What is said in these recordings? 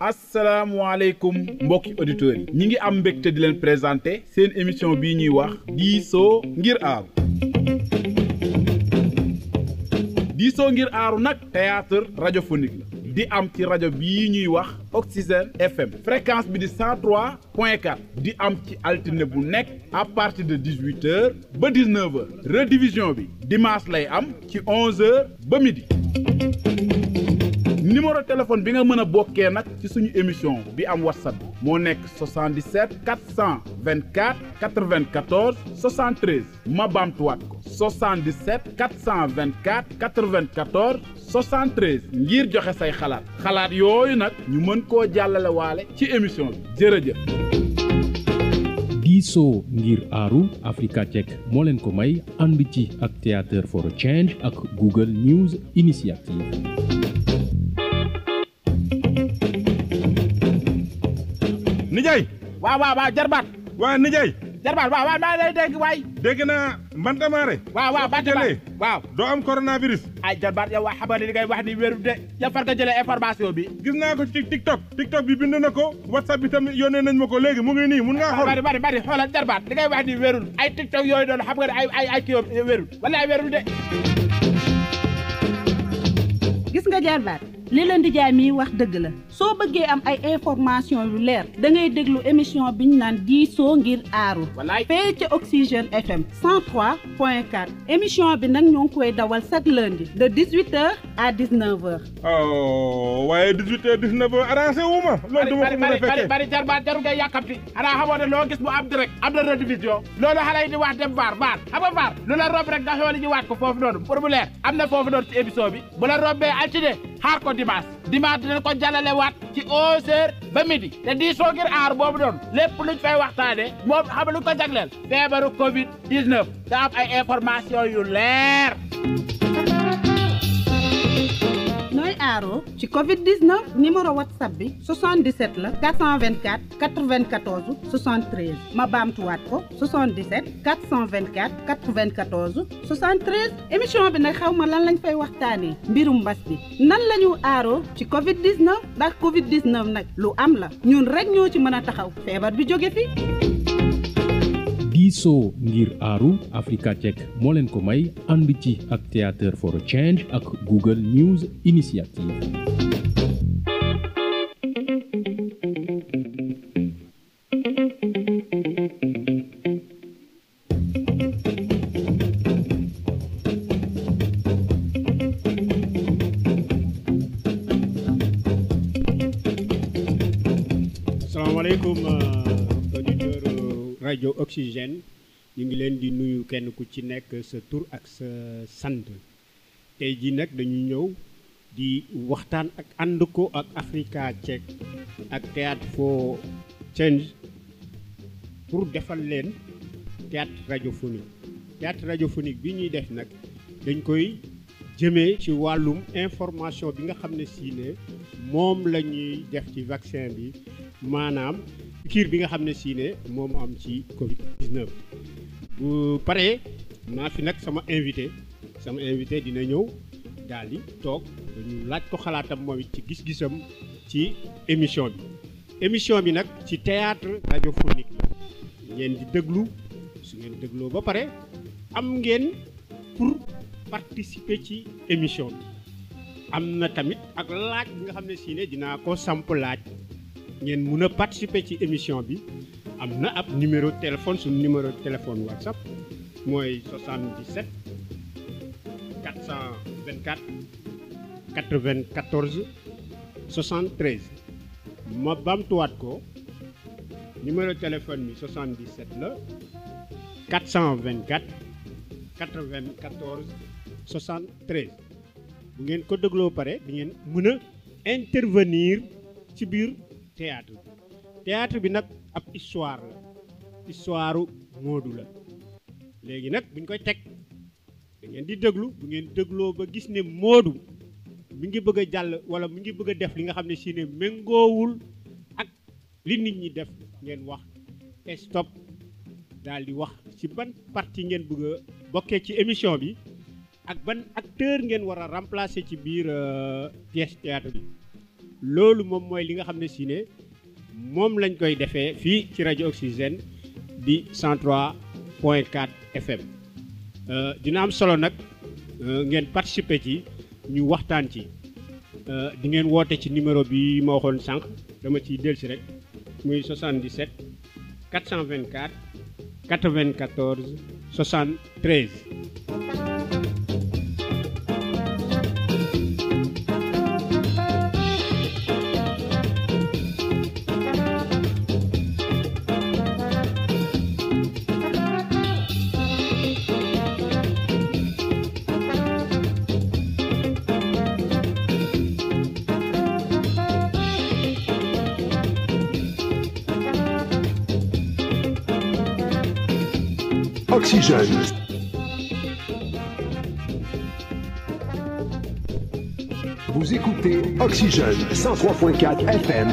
asalaamualeykum mbokki auditeurs yi ñi ngi am mbégte di leen présenté seen émission bii ñuy wax diisoo ngir aaru diisoo ngir aaru nag théâtre radiophonique la di am ci rajo bii ñuy wax Oxygène FM fréquence bi di 103 point 4 di am ci altine bu nekk à partir de 18 heures ba 19 heures redivision bi dimanche lay am ci 11 heures ba midi numéro téléphone bi nga mën a bokkee nag ci suñu émission bi am whatsapp moo nekk 77 424 94 73 ma baamtuwaat ko 77 424 94 73 ngir joxe say xalaat xalaat yooyu nag ñu mën koo jàllale waale ci émission bi jërëjëf. diisoo ngir aaru Africa Check moo leen ko may ànd ci ak Theatre for Change ak Google News Initiative. nijaay waaw waaw waaw jarbaat waaw nijaay jarbaat waaw waaw maa lay dégg waay dégg naa Mbanta Mare waaw waaw Mbanta Mare waaw doo am coronavirus ay jarbaat yow waa xamal li wax ni wéru de ya far nga jëlee information bi gis naa ko ci TikTok TikTok bi bind na ko WhatsApp bi tam ne nañ ma ko léegi mu ngi nii mun ngaa xool bari bari bari xoolal jarbaat li wax ni wérul ay TikTok yooyu doon xam nga ne ay ay ay kii wérul wala ay de gis nga jarbaat li leen di jaay mii wax dëgg la soo bëggee am ay information yu leer da ngay déglu émission bi ñu naan diisoo ngir aaru fee ca Oxygène FM 103 point 4 émission bi nag ñoo ngi koy dawal chaque lundi de 18h à 19h. oh waaye 18h 19h a fekkee bari jar baa jarul ngay yàkkamti xanaa xamoo ne loo gis bu am direct am na rediffusion loolu xale di wax dem baar baar xam baar lu la romb rek nga xooli ñu waat ko foofu noonu pour mu leer am na foofu noonu ci émission bi bu la xaar ko dimanche dimanche dinañ ko jàllale waat ci 11h ba midi te diisoo ngir aar boobu doon lépp luñ fay waxtaane moom xam luñ ko jagleel feebaru Covid 19 te am ay information yu leer. aaroo ci Covid 19 numéro WhatsApp bi 77 la 424 94 73 ma baamtuwaat ko 77 424 94 73 émission bi nag xaw ma lan lañ fay waxtaanee mbirum mbas bi nan la ñu aaroo ci Covid 19 ndax Covid 19 nag lu am la ñun rek ñoo ci mën a taxaw feebar bi jóge fi. diisoo ngir aaru Africa Tech moo leen ko may ànd ci ak Theatre for a Change ak Google News Initiative Oxygène ñu ngi leen di nuyu kenn ku ci nekk sa tur ak sant tey jii nag dañu ñëw di waxtaan ak ànd ak Africa Check ak Théâtre for Change pour defal leen théâtre radiophonique théâtre radiophonique bi ñuy def nag dañ koy jëme ci wàllum information bi nga xam ne si moom la ñuy def ci vaccin bi maanaam kiir bi nga xam ne sii ne moom am ci Covid 19. bu pare naa fi nag sama invité sama invité dina ñëw daal toog ñu laaj ko xalaatam moom it ci gis-gisam ci émission bi. émission bi nag ci théâtre radiophonique la ngeen di déglu su ngeen dégloo ba pare am ngeen pour participer ci émission bi am na tamit ak laaj bi nga xam ne siine ne dinaa ko samp laaj. ngeen mun a participer ci émission bi am na ab numéro téléphone suñu numéro téléphone WhatsApp mooy 77 424 ma bamtuwaat ko numéro téléphone bi 77 la 424 94 73 bu ngeen ko dégloo pare bi ngeen mën a intervenir ci biir théâtre bi théâtre bi nag ab histoire la histoire Modou la léegi nag buñ koy teg da di déglu bu ngeen dégloo ba gis ne Modou mi ngi bëgg a jàll wala mu ngi bëgg a def li nga xam ne si ne méngoowul ak li nit ñi def ngeen wax stop daal di wax ci ban partie ngeen bëgg a bokkee ci émission bi ak ban acteur ngeen war a remplacer ci biir euh, pièce théâtre bi loolu moom mooy li nga xam ne si ne moom lañ koy defee fii ci rajo Oxygène di 103 point 4 FM euh, dina am solo nag euh, ngeen participer ci ñu waxtaan ci euh, di ngeen woote ci numéro bi ma waxoon sànq dama ciy dellu si rek muy 77 424 94 73. si jeune, 103.4 FM.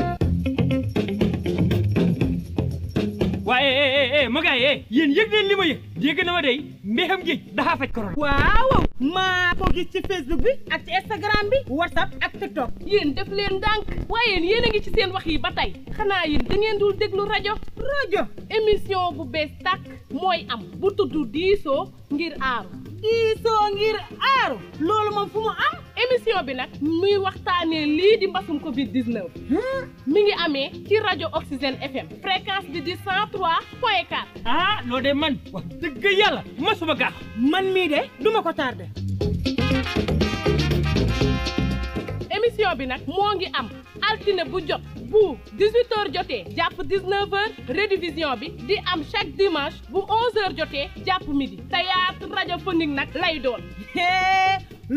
waaye eh, eh, eh, ma gaay yéen yëg leen li ma yëg yëg na ma day mbéxam géej dafa faj korona waaw maa ko gis ci facebook bi ak ci instagram bi whatsapp ak tiktok yéen def leen ndànk waaye yéen yéen a ngi ci seen wax yi ba tey xanaa yéen da ngeen dul déglu rajo rajo émission bu bees tàkk mooy am bu tudd diisoo ngir aaru diisoo ngir aaru loolu moom fu mu am émission bi nag muy waxtaanee lii di mbasum Covid 19. mi ngi amee ci rajo Oxygène FM. fréquence bi di 103 point 4. ah loolu de man wax dëgg yàlla masuma gaax. man mii de du ma ko tardé. émission bi nag moo ngi am altine bu jot. bu 18h jotee jàpp 19h rédivision bi di am chaque dimanche bu 11h jotee jàpp midi théâtre radiophonique nag lay doon.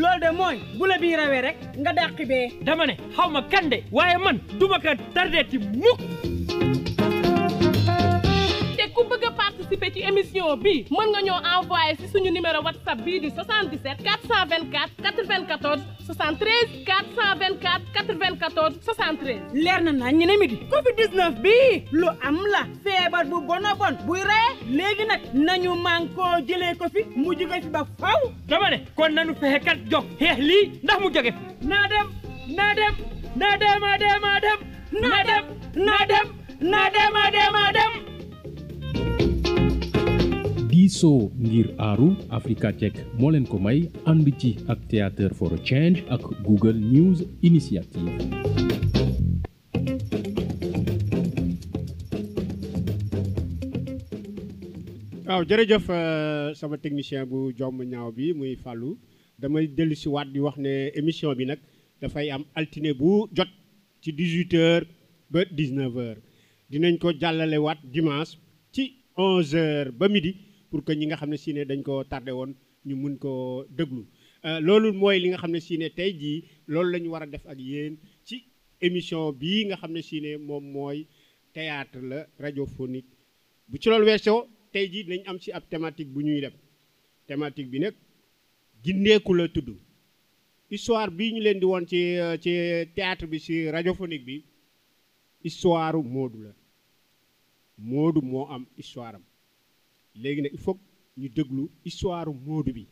loolu de mooy bu la rawee rek nga dàq bee. dama ne xaw ma kan de waaye man duma ko tardé ci mukk. participer ci émission bi mën nga ñoo envoyé si suñu numéro whatsapp bii di 77 424 94 73 424 94 73. leer na naa ñu ne midi. Covid 19 bii lu am la. feebar bu bon a bon buy rey léegi nag nañu man koo jëlee ko fi mu jóge fi ba faw. dama ne kon nanu fexe kat jóg xeex lii ndax mu jóge fi. naa dem naa dem naa dem naa dem naa dem naa dem naa dem naa dem naa dem. diisoo ngir aaru Africa moo leen ko may ànd ci ak Theatre ak Google News Initiative. waaw euh, sama technicien bu jomm ñaaw bi muy Fallou damay dellu si waat di wax ne émission bi nag dafay am altine bu jot ci 18h ba 19h dinañ ko jàllale waat dimanche ci 11h ba midi. pour que ñi nga xam ne si ne dañ ko tardé woon ñu mun ko déglu euh, loolu mooy li nga xam ne si ne tey jii loolu la ñu war a def ak yéen ci émission bii nga xam ne si ne moom mooy théâtre la radiophonique bu ci loolu weesoo tey jii dañ am si ab thématique bu ñuy dem thématique bi nag gindeeku la tudd histoire bii ñu leen di woon ci euh, ci théâtre bi si radiophonique bi histoire Modou la Modou moo am histoire am léegi nag il faut ñu déglu histoire Modou bi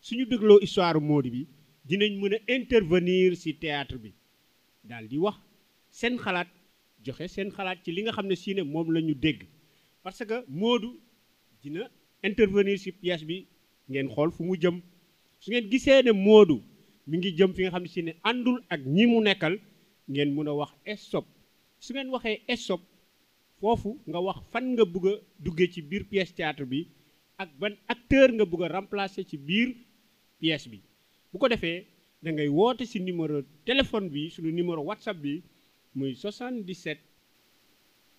suñu dégloo histoire moodu bi dinañ mën a intervenir ci théâtre bi daal di wax seen xalaat joxe seen xalaat ci li nga xam ne si moom lañu ñu dégg parce que moodu dina intervenir ci pièce bi ngeen xool fu mu jëm su ngeen gisee ne moodu mi ngi jëm fi nga xam ne si ne àndul ak ñi mu nekkal ngeen mën a wax stop su ngeen waxee stop foofu nga wax fan nga bëgg a duggee ci biir pièce théâtre bi ak ban acteur nga bëgg a ci biir pièce bi bu ko defee da ngay woote si numéro téléphone bi suñu numéro whatsapp bi muy 77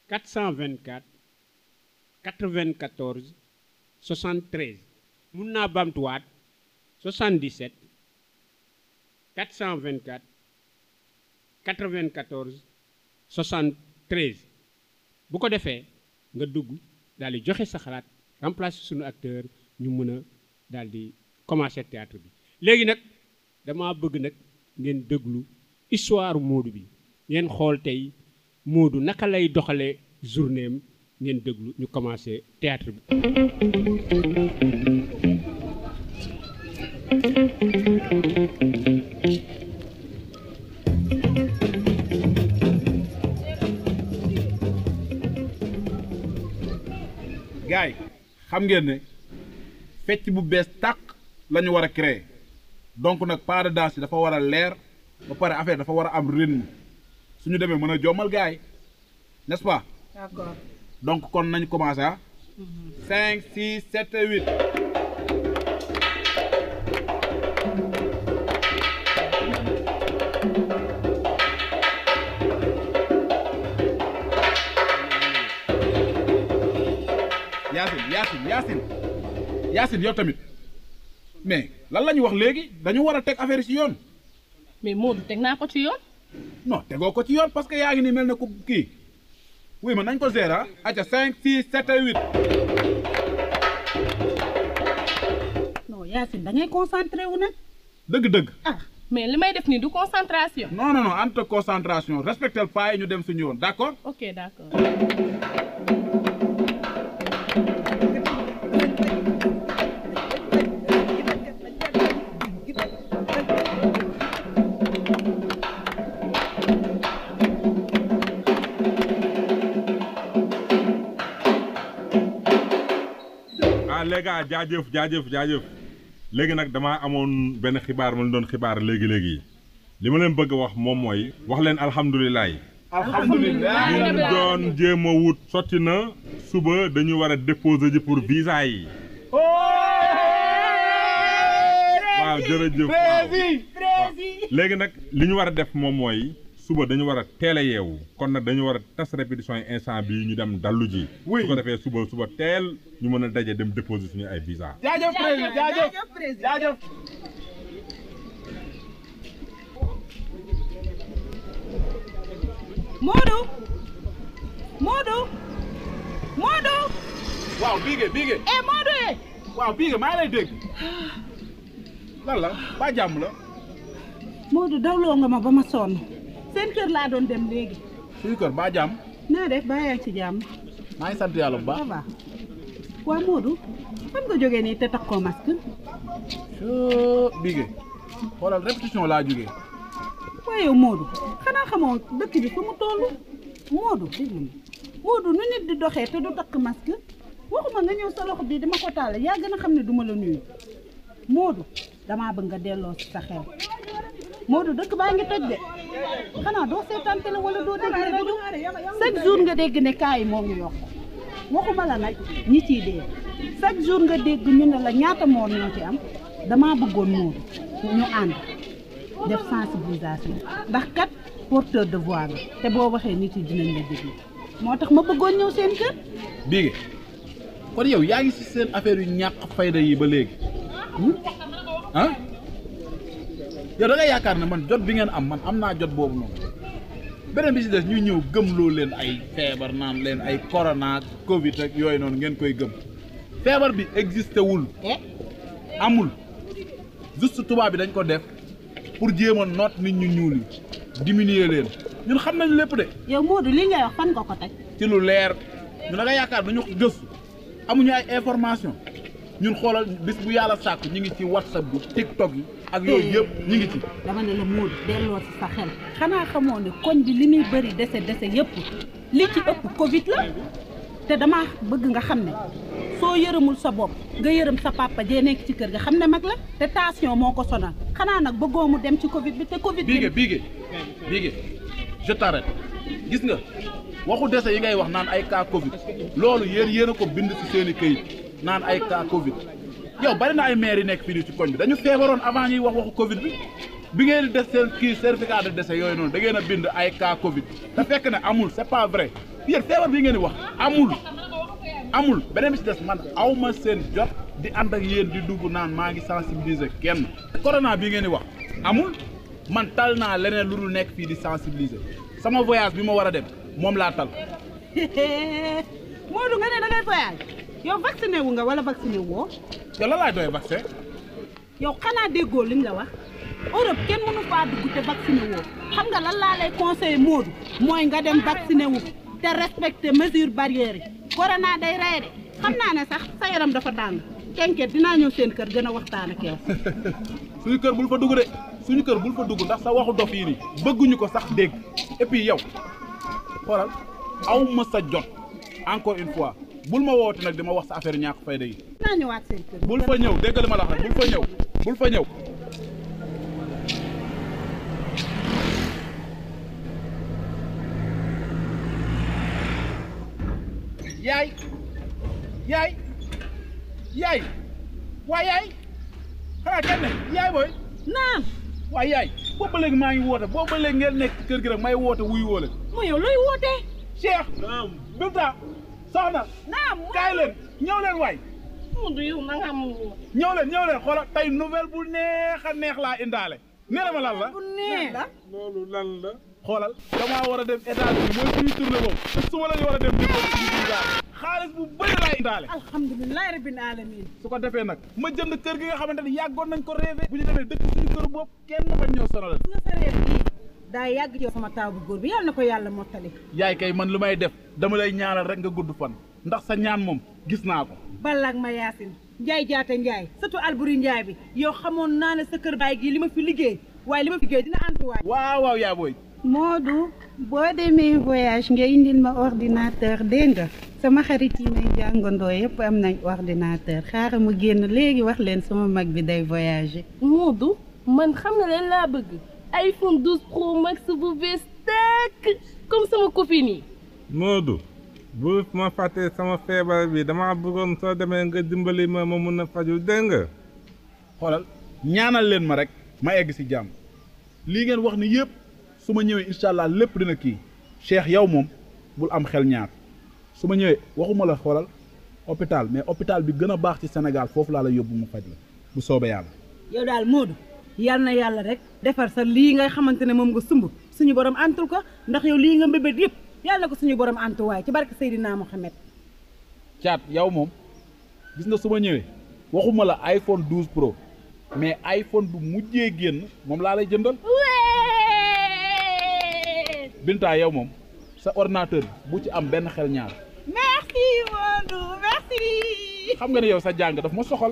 424 94 73 mun naa bamtuwaat 77 424 94 73 bu ko defee nga dugg daal di joxe sa xalaat remplacer suñu acteur ñu mën a daal di commencer théâtre bi léegi nag dama bëgg nag ngeen déglu histoire Modou bi ngeen xool tey Modou naka lay doxalee journée ngeen déglu ñu commencer théâtre bi xam ngeen ne fecc bu bees tàq la ñu war a créer donc nag pas de dafa war a leer ba pare affaire dafa war a am rythme suñu demee mën a jommal gars yi n'est-ce pas. kon nañ commencé ah. mhm. Yacine Yacine Yacine yow tamit mais lan la ñu wax léegi dañu war a teg affaire ci yoon. mais Modou teg naa ko ci yoon. non tegoo ko ci yoon parce que yaa ngi ni mel na ku kii wuy ma nañ ko gérer a ah. aca 5 6 7 8. non Yacine wu nag. dëgg-dëgg. ah mais li may def nii du concentration. non non non entre concentration respectel paa ñu dem suñu yoon d' accord. ok les jaajëf jaajëf jaajëf léegi nag damaa amoon benn xibaar ma leen doon xibaar léegi léegi li ma leen bëgg a wax moom mooy wax leen alhamdulilah. alhamdulilah ñu doon jéem wut sotti na suba dañu war a déposer ji pour visa yi. waaw jërëjëf léegi nag li ñu war a def moom mooy. suba dañu war a teel a yeewu kon nag dañu war a tas répétition yi instant bii ñu dem dallu ji. su ko defee suba suba teel ñu mën a daje dem déposer suñu ay visa. jaajëf président jaajëf jaajëf Modou Modou Modou. waaw Bigué Bigué. eh Modou. Eh. waaw Bigué maa lay dégg. Ah. lan ba jàmm la. Modou dawloo nga ma ba ma sonn. seen kër laa doon dem léegi. suñu kër baa jàmm. naa def baa yaa ci jàmm. maa ngi sant yàlla bu baax waaw waaw Modou nga jógee nii te takkoo masque. Bigué xoolal laa yow Modou xanaa xamoo mu toll Modou déglu nu nit di doxee te du takk masque waxuma nga ñëw sa loxo bii dama ko taal yaa gën a xam ne duma la nuyu Modou damaa bëgg nga delloo si sa xel. Modou dëkk baa ngi toj de xanaa doo seetaan télé wala doo dégg rajo chaque jour nga dégg ne cas yi moo ngi yokk waxuma la nag ñi ciy dee chaque jour nga dégg ñu ne la ñaata moo ñu ci am damaa bëggoon Modou ñu ànd def sensibilisation ndax kat porteur de voix bi te boo waxee nit yi dinañ la déglu moo tax ma bëggoon ñëw seen kër. bii kon yow yaa ngi ci seen affaire yu ñàkk fayda yi ba léegi hmm? yow da yaakaar na man jot bi ngeen am man am naa jot boobu noonu beneen bi ci des ñuy ñëw gëm loo leen ay feebar naan leen ay corona Covid ak yooyu noonu ngeen koy gëm feebar bi existé wul eh? amul juste tubaab bi dañ ko def pour jéem noot nit ñu ñuul yi diminuer leen ñun xam nañu lépp de. yow Modou li ngay wax fan nga ko teg. ci lu leer ñu da nga yaakaar dañu gëstu amuñu ay information ñun xoolal bis bu yàlla sàkk ñu ngi ci whatsapp bi tiktok yi. ak yooyu yëpp ñu ngi ci. dama ne la Modou delloo si sa xel xanaa xamoo ne koñ bi li muy bëri dese dese yëpp li ci ëpp Covid la te damaa bëgg nga xam ne soo yërëmul sa bopp nga yërëm sa papa jee nekk ci kër gi xam ne mag la te tension moo ko sonal xanaa nag bëggoo mu dem ci Covid bi te Covid. bii bii bii je t'arrête gis nga waxu dese yi ngay wax naan ay cas Covid loolu yéen yéen a ko bind ci seeni i këyit naan ay cas Covid. yow bari na ay maire yi nekk fii nii ci koñ bi dañu feebaroon avant ñuy wax waxu Covid bi bi ngeen def seen kii certificat de décès yooyu noonu da a bind ay cas Covid te fekk ne amul c'est pas vrai yéen feebar bi ngeen di wax amul amul beneen bi ci des man awma ma seen jot di ànd ak yéen di dugg naan maa ngi sensibiliser kenn. corona bi ngeen di wax amul man tal naa leneen lu dul nekk fii di sensibiliser sama voyage bi ma war a dem moom laa tal. Modou nga ne dangay voyage yow yow la laay doy vaccin. yow xanaa déggoo liñ la wax Europe kenn mënu faa dugg te vacciné xam nga lan laa lay conseillé Modou mooy nga dem vacciné wu te respecté mesure barrière yi corona day rey de xam naa ne sax sa yaram dafa tàng kenke dinaa ñëw seen kër gën a waxtaan ak yow. suñu kër bul fa dugg de suñu kër bul fa dugg ndax sa waxu dof yi nii bëgguñu ko sax dégg et puis yow aw ma sa jot encore une fois. bul ma woote nag di ma wax sa affaire ñàkk fayda yi. bul fa ñëw dégg ma la wax bul fa ñëw bul fa ñëw. yaay yaay yaay waay yaay xanaa kenn yaay booy. naam. waay yaay boobu ba maa ngi woote boobu ba léegi ngeen nekk kër gi may woote wootee. Cheikh. naam Binta. soxna. naa kaay leen ñëw waay. Moodu yow na nga am. ñëw leen ñëw leen xoolal tey bu neex a neex laa indaale. nee na ma lan la bu neex loolu lan la. xoolal damaa war a dem état bi mooy suñu tournée boobu te su ma la ñu war a dem. xaalis bu bëri laay indaale. alhamdulilah rabbil alamin su ko defee nag ma jënd kër gi nga xamante ne yàggoon nañ ko rêvé. bu ñu demee dëkk suñu kër boobu kenn bañ ñoo sonal. daa yàgg ci sama taabu góor bi yàlla na ko yàlla mottali. yaay kay man lu may def dama lay ñaanal rek nga gudd fan ndax sa ñaan moom gis naa ko. Balak ma yaasin Njaay jaata Njaay sëtu Alburi Njaay bi yow xamoon naa ne sa kër baay gii li ma fi liggéey waaye li ma fi liggéey dina antuwaay. waaw waaw yaa moo Modou boo demee voyage nga indil ma ordinateur dégg nga sama xarit yi may jàngandoo yëpp am nañ ordinateur xaaral mu génn léegi wax leen sama mag bi day voyager. Modou man xam na laa bëgg. ay 12 Pro Max bu bees tàkk comme sama copine yi. Modou bu ma fàttee sama feebar bi dama bëggoon soo demee nga dimbali ma ma mën a faju dégg xoolal ñaanal leen ma rek ma egg ci jàmm lii ngeen wax ni yépp su ma ñëwee incha allah lépp dina kii Cheikh yow moom bul am xel ñaar su ma ñëwee waxuma la xoolal hôpital mais hôpital bi gën a baax ci Sénégal foofu laa la yóbbu mu faj la bu soobee yow daal Modou. yal na yàlla rek defar sa lii nga xamante ne moom nga sumb suñu borom antul ko ndax yow lii nga mbébét yëpp yàlla ko suñu borom antu waaye ci barke Seydina Mohamed. caat yow moom gis nga su ma ñëwee waxuma la iPhone 12 Pro mais iPhone bu mujjee génn moom laa lay jëndal. Binta yow moom sa ordinateur bu ci am benn xel ñaar. merci Modou merci. xam nga ne yow sa jàng daf ma soxal.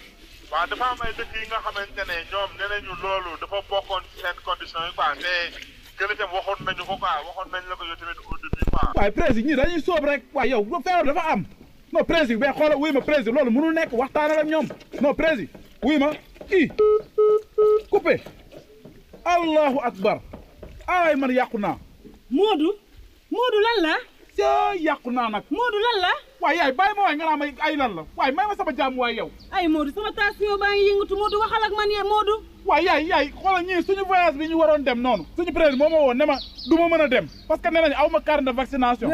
waaw dafa am ay dëkk yi nga xamante ne ñoom nee nañu loolu dafa bokkoon ci seen condition yi quoi te gën itam waxoon nañu ko quoi waxoon nañ la ko yow tamit au début quoi. waaye président ñi dañuy sóob waaye yow feebar dafa am non président mais xoolal wuy ma président loolu mënul nekk waxtaanal ak ñoom non président wuy ma i coupé allahu akbar ay man yàqu naa. Moodu Moodu lan la. ca yàqu naa nag. Moodu lan la. waaye yaay bàyyi ma waaye nga naa ay lan la waaye may ma sama jàmm waaye yow. ay Moodu sama tension baa ngi yëngatu Moodu waxal ak man ya Moodu. waaye yaay yaay xoolal ñii suñu voyage bi ñu waroon dem noonu. suñu président moo ma woo ne ma du ma mën a dem parce que nee nañu aw ma carte de vaccination.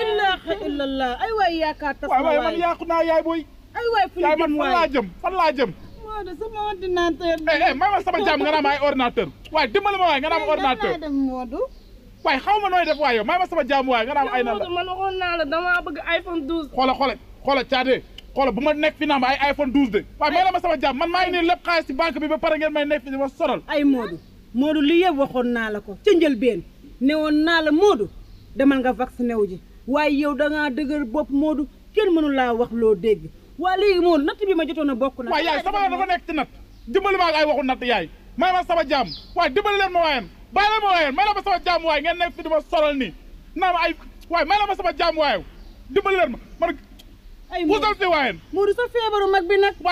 ilaaha ay waay yaakaar waaye man yàqu naa yaay booy. ay waay fu ñu fan laa jëm fan laa jëm. Moodu sama ordinateur. eh eh may ma sama jàmm nga naa ma ay ordinateur. waaye dimbali ma waaye nga waaye xaw ma nooy def waaye yow maa ma sama jaamu waaye nga ay. na la man waxoon naa la damaa bëgg iPhone 12. xoola xoola xoola caade xoola bu ma nekk fi naan ay iPhone 12 de. waaye may la ma sama jaam man maa ngi nii bi ba pare ngeen may nekk fi ma sonal. ay Moodu Moodu li waxoon naa la ko ca njëlbeen ne woon naa la Moodu demal nga vacciné wu ji waaye yow da ngaa dëgër bopp kenn mënu laa wax loo dégg waa léegi Moodu natt bi ma jotoon a bokk na. waaye yaay sama yoon dafa nekk ma ay waxu natt yaay may ma sama jaam waaye dimbali leen ma waayam bàyyi la ma waaye may la ma sama jàmm waay ngeen nekk fi di ma solal nii naa ma ay waaye may la ma sama jàmm waaye dimbali ma man. ay sa feebaru mag ma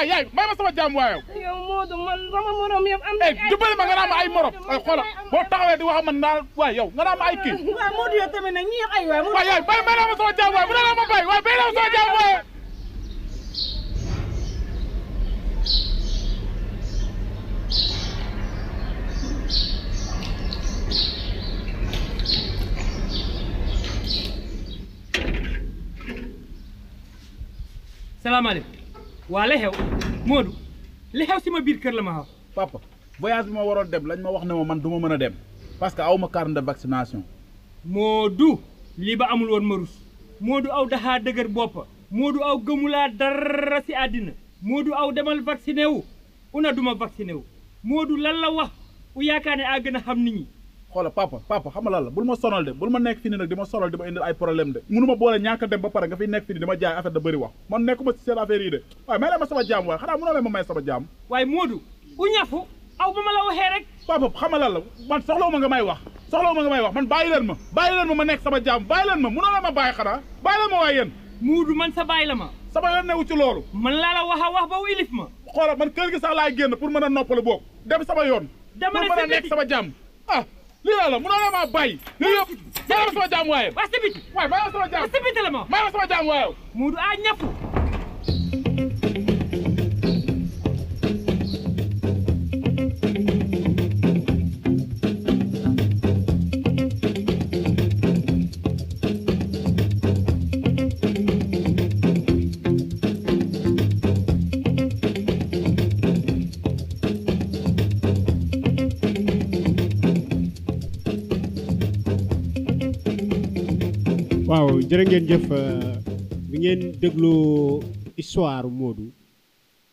am eh, na ay dimbali ma nga naa ma ay morom eh, xoolal boo taxawee di wax man naa waay yow naa ma ay kii. waaw Modou yow may la ma sama jàmm waaye bu dee la ma bàyyi waaye bàyyi la ma sama jàmm waaye. salaamaaleykum waa li xew Modou li xew si ma biir kër la ma xaw. papa voyage bi ma waroon dem lañ ma wax ne ma man du ma mën a dem parce que aw ma carte de vaccination. Modou lii ba amul woon ma rus moo du aw daxaa dëgër boppa Modou aw gëmulaa dara si àddina moo du aw demal vacciné wu una duma vacciné wu Modou lan la wax u yaakaar ne a gën xam nit ñi. xoola papa papa xam nga lan bul ma sonal de bul ma nekk fi ni nag di ma sonal di ma indil ay problème de mënu ma boole ñàkk dem ba pare nga fiy nekk fi ni di ma jaay affaire da bëri wax man nekkuma ci seen affaire de waaye may leen ma sama jaam waaye xanaa mënoo ma may sama jaam waaye Modou u ñafu aw ba ma la waxee rek papa xam nga man soxlawu ma nga may wax soxlawu ma nga may wax man bàyyi leen ma bàyyi ma ma nekk sama jaam bàyyi leen ma mënoo leen ma bàyyi ma waaye yéen Modou man sa bàyyi la ma sama yoon loolu man laa la wax a wax ba ilif ma xoola man kër gi sax laay génn pour mën noppale boog sama yoon pour mën a nekk sama jaam ah lii daal la mënoo la maa bàyyi. lii yëpp la sama jaamu waaye. waa sibiti waaye maa sibiti la ma. maa la sama jaamu waaye. Moodu a ñafu. jërë ngeen jëf euh, bi ngeen dégloo histoire moodu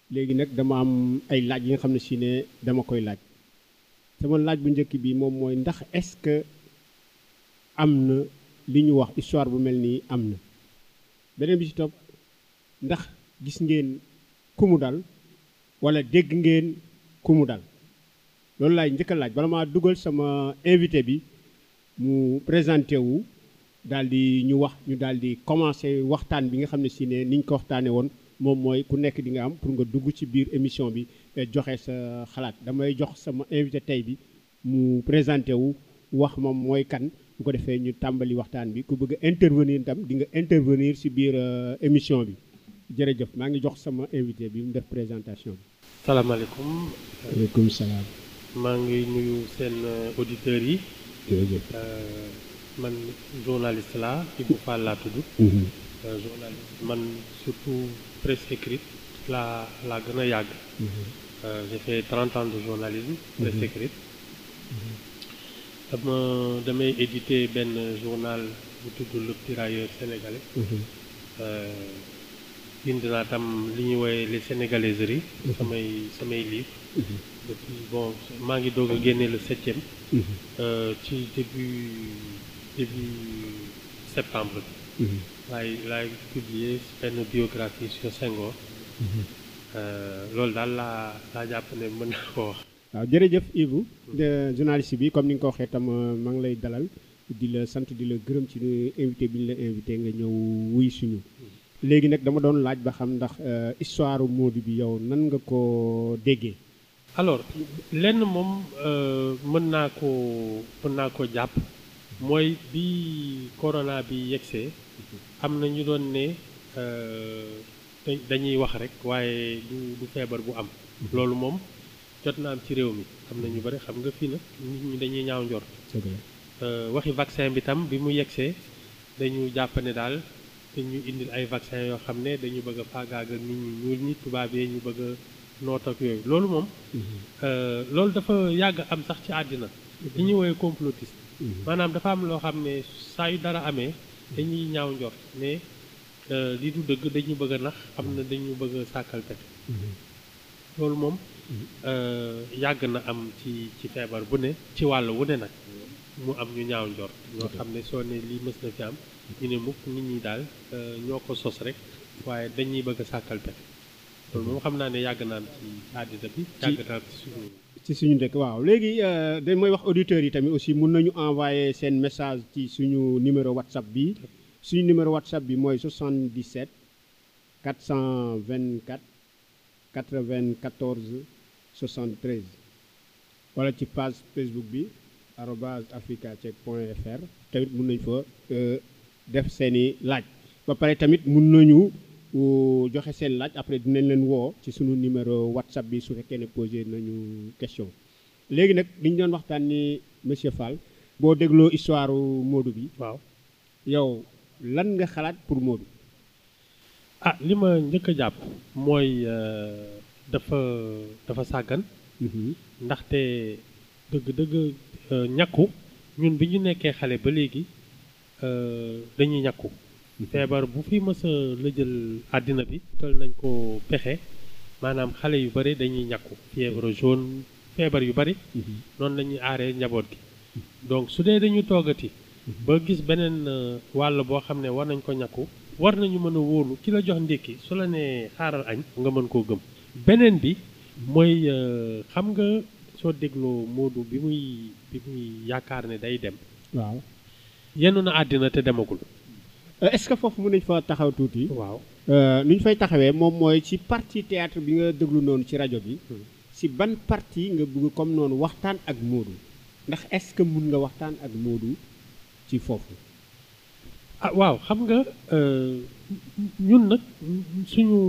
léegi nag dama am ay laaj yi nga xam ne si ne dama koy laaj sama laaj bu njëkk bi moom mooy ndax est-ce que am na li ñu wax histoire bu mel nii am na beneen bi ci topp ndax gis ngeen ku mu dal walla dégg ngeen ku mu dal loolu laay njëkk a laaj bala maa dugal sama invité bi mu présenté wu. daal di ñu wax ñu daal di commencé waxtaan bi nga xam ne si ne ni ñu ko waxtaanee woon moom mooy ku nekk dinga am pour nga dugg ci biir émission bi eh, joxe sa xalaat damay jox sama invité tey bi mu présenté wu wax moom mooy kan bu ko defee ñu tàmbali waxtaan bi ku bëgg intervenir itam di nga intervenir si biir eh, émission bi jërëjëf maa ngi jox sama invité bi mu def présentation bi. salaamaaleykum. waaleykum salaam. maa ngi nuyu seen eh, auditeurs yi. man journaliste laa Ibou mm-hmm. Fall laa tudd. Mm-hmm. Euh, journaliste man surtout presse écrite laa laa gën a yàgg. Mm-hmm. Euh, j'ai fait ans de journalisme. presse écrite. dama damay éditer benn journal bu tudd Le Tirailleur sénégalais. bind euh, naa tam li ñuy woowee les sénégalaiseries. samay samay livre depuis maa ngi doog a génne le septième. ci début. début septembre bi mhm. laay laay publier benn biographie sur Senghor mhm. euh, loolu daal laa laa jàpp ne mën naa ko wax waaw jërëjëf Ibou mhm. journaliste bi comme ni nga ko waxee tam euh, maa ngi lay dalal di la sant di la gërëm ci invité bi ñu la invité nga ñëw wuy suñu léegi nag dama doon laaj ba xam ndax euh, histoire Modou bi yow nan nga ko déggee alors lenn moom mën naa ko mën naa ko jàpp mooy bi corona bi yegsee am na ñu doon ne euh, dañuy wax rek waaye du du feebar bu am loolu moom jot na am ci réew mi am na ñu bari xam nga fii nag nit ñi dañuy ñaaw njort euh, waxi vaccin bi itam bi mu yegsee dañu jàpp ne daal dañu indil ay vaccin yoo xam ne dañu bëgg a faagaagal ñu ñu ñu ñu tubaab yee ñu bëgg noot ak loolu moom euh, loolu dafa yàgg am sax ci àddina li ñuy woowee complotiste maanaam dafa am loo xam ne saa yu dara amee dañuy ñaaw njor ne euh, li du dëgg dañu bëgg a nax am na dañu bëgg a sàkkal pexe loolu moom euh, yàgg na am ci ci feebar bu ne ci wàll wu ne nag mu am ñu ñaaw njort ñoo xam ne soo ne lii mës na fi am ñu ne mukk nit ñi daal ñoo ko sos rek waaye dañuy bëgg a sàkkal pexe loolu moom xam naa ne yàgg naan ci àddina bi. ci ci suñu dëkk waaw léegi euh, dañ mooy wax auditeurs yi tamit aussi mun nañu envoyer seen message ci suñu numéro WhatsApp bi suñu numéro WhatsApp bi mooy 77 424 94 73 wala ci page Facebook bi arobase africacheck point fr tamit mun nañu fa euh, def seen i laaj ba pare tamit mun nañu. bu joxe seen laaj après dinañ leen woo ci suñu numéro whatsapp bi su fekkee ne posé nañu question léegi nag li ñu doon waxtaan ni monsieur Fall boo dégloo histoire Modou bi. waaw yow lan nga xalaat pour Modou. ah li ma njëkk a jàpp mooy euh, dafa dafa sàggan. Mhm. ndaxte dëgg dëgg euh, ñàkku ñun bi ñu nekkee xale ba léegi euh, dañuy ñàkku. feebar bu fi mës la jël àddina bi tol nañ ko pexe maanaam xale yu bari dañuy ñàkku fièvre jaune feebar yu bari mhm. noonu lañuy ñuy aaree njaboot gi donc su dee dañu toggati ba mhm. gis beneen euh, wàll boo xam ne war nañ ko ñakku war nañu mën a wóolu ki la jox ndékki su la nee xaaral añ nga mën koo gëm beneen bi mooy euh, xam nga soo dégloo Moodu bi muy bi muy yaakaar ne day dem waaw yenn na àddina te demagul Euh, est-ce que foofu mën nañu fa taxaw tuuti. waaw euh, nu ñu fay taxawee moom mooy ci parti théâtre bi nga déglu noonu ci rajo bi. Hmm. si ban parti nga bëgg comme noonu waxtaan ak Modou ndax est-ce que mun nga waxtaan ak Modou ci foofu. ah waaw xam nga euh, ñun nag suñu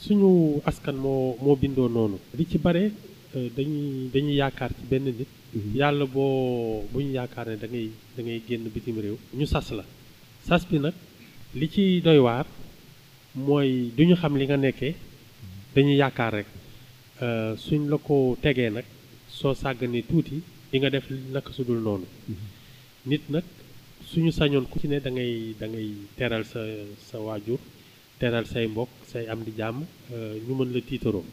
suñu askan moo moo bindoo noonu li ci bare dañuy dañuy yaakaar ci benn nit hmm. yàlla boo bu ñu yaakaar ne da ngay da ngay génn bitim réew ñu sas la sas bi nag li ci doy mooy du ñu xam li nga nekkee dañu yaakaar rek euh, suñ la ko tegee nag soo sàgganee tuuti di nga def naka sudul dul noonu mm-hmm. nit nag suñu sañoon ku ci ne da ngay da ngay teral sa sa waajur teral say mbokk say am di jàmm euh, ñu mën la tiitaroo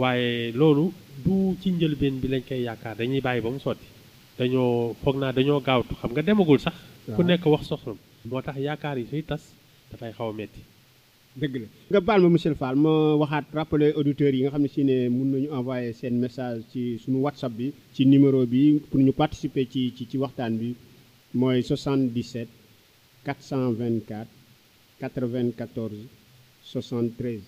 waaye loolu du ci njëlbeen bi lañ koy yaakaar dañuy bàyyi ba mu sotti dañoo foog naa dañoo gaawtu xam nga demagul sax ku nekk wax soxlam boo tax yaakaar yi suy tas dafay xaw a metti dëgg la nga baal ma monsieur Fall ma waxaat rappeler auditeurs yi nga xam ne si ne mun nañu envoyé seen message ci suñu whatsapp bi ci numéro bi pour ñu participer ci ci ci waxtaan bi mooy 77 424 94 73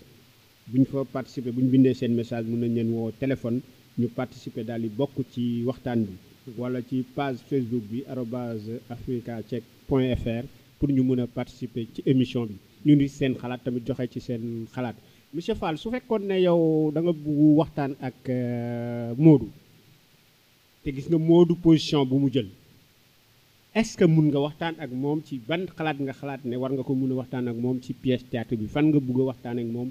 bu ñu fa participer bu ñu bindee seen message mun nañ leen woo téléphone ñu participer daal di bokk ci waxtaan bi hmm. wala ci page Facebook bi arobase africa check point fr pour ñu mën a participer ci émission bi ñu ni seen xalaat tamit joxe ci seen xalaat monsieur Fall su fekkoon ne yow da nga waxtaan ak euh, Modou te gis nga Modou position bu mu jël est-ce que mun nga waxtaan ak moom ci ban xalaat nga xalaat ne war nga ko mun a waxtaan ak moom ci pièce théâtre bi fan nga bugg a waxtaan ak moom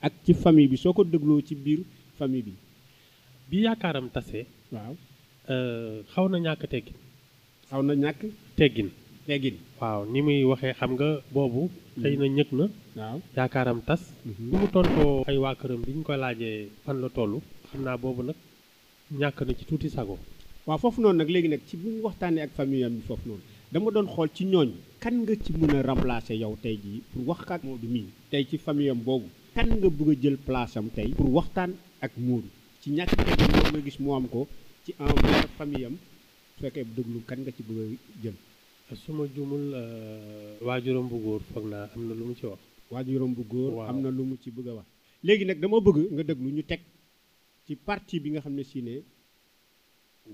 ak ci famille bi soo ko dégloo ci biir famille bi. bi yaakaaram tase. waaw euh, xaw na ñàkk teggin. xaw na ñàkk teggin. teggin waaw ni muy waxee xam nga boobu xëy na hmm. ñëg na waaw yaakaaram tas hmm. ni mu tontoo ay waa këram bi ñu ko laajee fan la toll xam naa boobu nag ñàkk na ci tuuti sago waaw foofu noonu nag léegi nag ci bu ñu waxtaanee ak famille bi foofu noonu dama doon xool ci ñooñ kan nga ci mën a remplacer yow tey jii pour wax ak Modou mii tey ci famille am boobu kan nga bëgg a jël place am tey pour waxtaan ak Modou ci ñàkk teggin boobu nga gis mu am ko ci envers famille am su fekkee déglu kan nga ci bëgg a suma jumul euh, waajuram bu góor foog naa am na lu mu ci wax waajuram bu góor am na lu mu ci bëgg a wax léegi nag dama bëgg nga déglu ñu teg ci partie bi nga xam ne si ne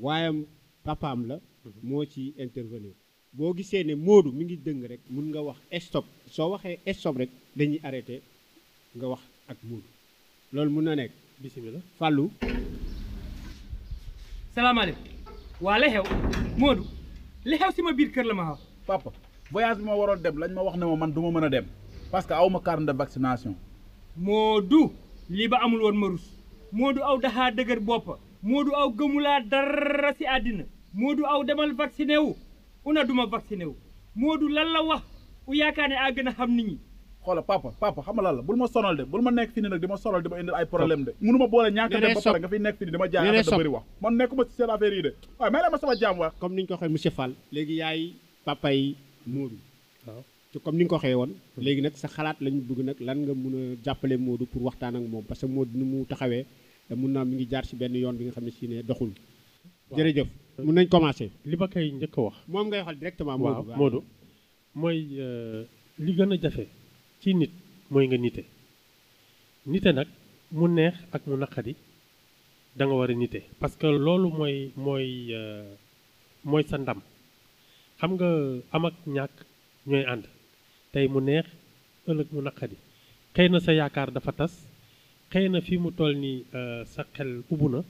waayam papaam la mhm. moo ci intervenir boo gisee ne Modou mi ngi dëng rek mun nga wax stop soo waxee stop rek dañuy arrêté nga wax ak Modou loolu mun na nekk bisimilah Fallou salaamaaleykum waa la xew Modou li xew si ma biir kër la ma wax. papa voyage bi ma waroon dem lañ ma wax ne ma man du ma mën a dem parce que aw ma carte de moo du lii ba amul woon ma rus moo du aw daxaa dëgër boppa Moodu aw gëmulaa dara si àddina moo du aw demal vacciné wu una duma vacciné wu Moodu lan la wax u yaakaar ne àgg na xam nit ñi. xoola papa papa xam nga lan la bul ma sonal de bul ma nekk fi ni nag di ma sonal di ma indil ay problème de mënu ma boole comme ni ñu ko waxee woon hmm. léegi nag sa xalaat lañu bugg nag lan nga mun a jàppale moodu pour waxtaan ak moom parce que Modou ni mu taxawee mun naa mi ngi jaar ci benn yoon bi nga xam ne si ne doxul jërëjëf mun nañ commencer li ma koy njëkk a wax moom ngay waxal directement Modou Modou mooy euh, li gën a jafe ci nit mooy nga nite nite nag mu neex ak mu naqadi danga war a nite parce que loolu mooy mooy euh, mooy sa ndam xam nga am ak ñàkk ñooy ànd tey mu neex ëllëg mu naqadi xëy na sa yaakaar dafa tas xëy na fii mu toll nii euh, sa xel ubbu na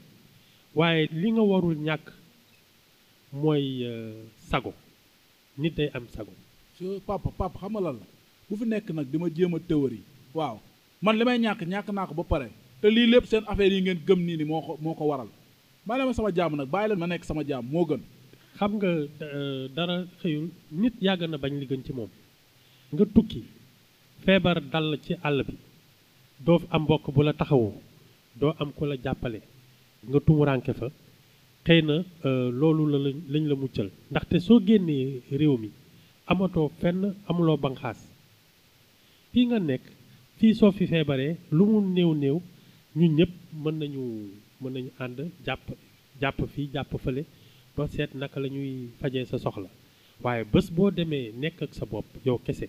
waaye li nga warul ñàkk mooy euh, sago nit day am sago. su papa papa bu fi nekk nag di ma jéem a théorie waaw man li may ñàkk ñàkk naa ko ba pare te lii lépp seen affaire yi ngeen gëm nii ni moo ko moo ko waral bàyyi ma sama jàmm nag bàyyi ma nekk sama jàmm moo gën xam nga euh, dara xëyul nit yàgg na bañ li gën ci moom nga tukki feebar dal ci àll bi doo am mbokk bu la taxawoo doo am ku la jàppale nga tumuranke fa xëy na euh, loolu la lañ la muccal ndaxte soo génnee réew mi amatoo fenn amuloo banqaas kii nga nekk fii soo fi feebaree lu mu néew néew ñu ñëpp mën nañu mën nañu ànd jàpp jàpp fii jàpp fële ba seet naka la ñuy fajee sa soxla waaye bés boo demee nekk ak sa bopp yow kese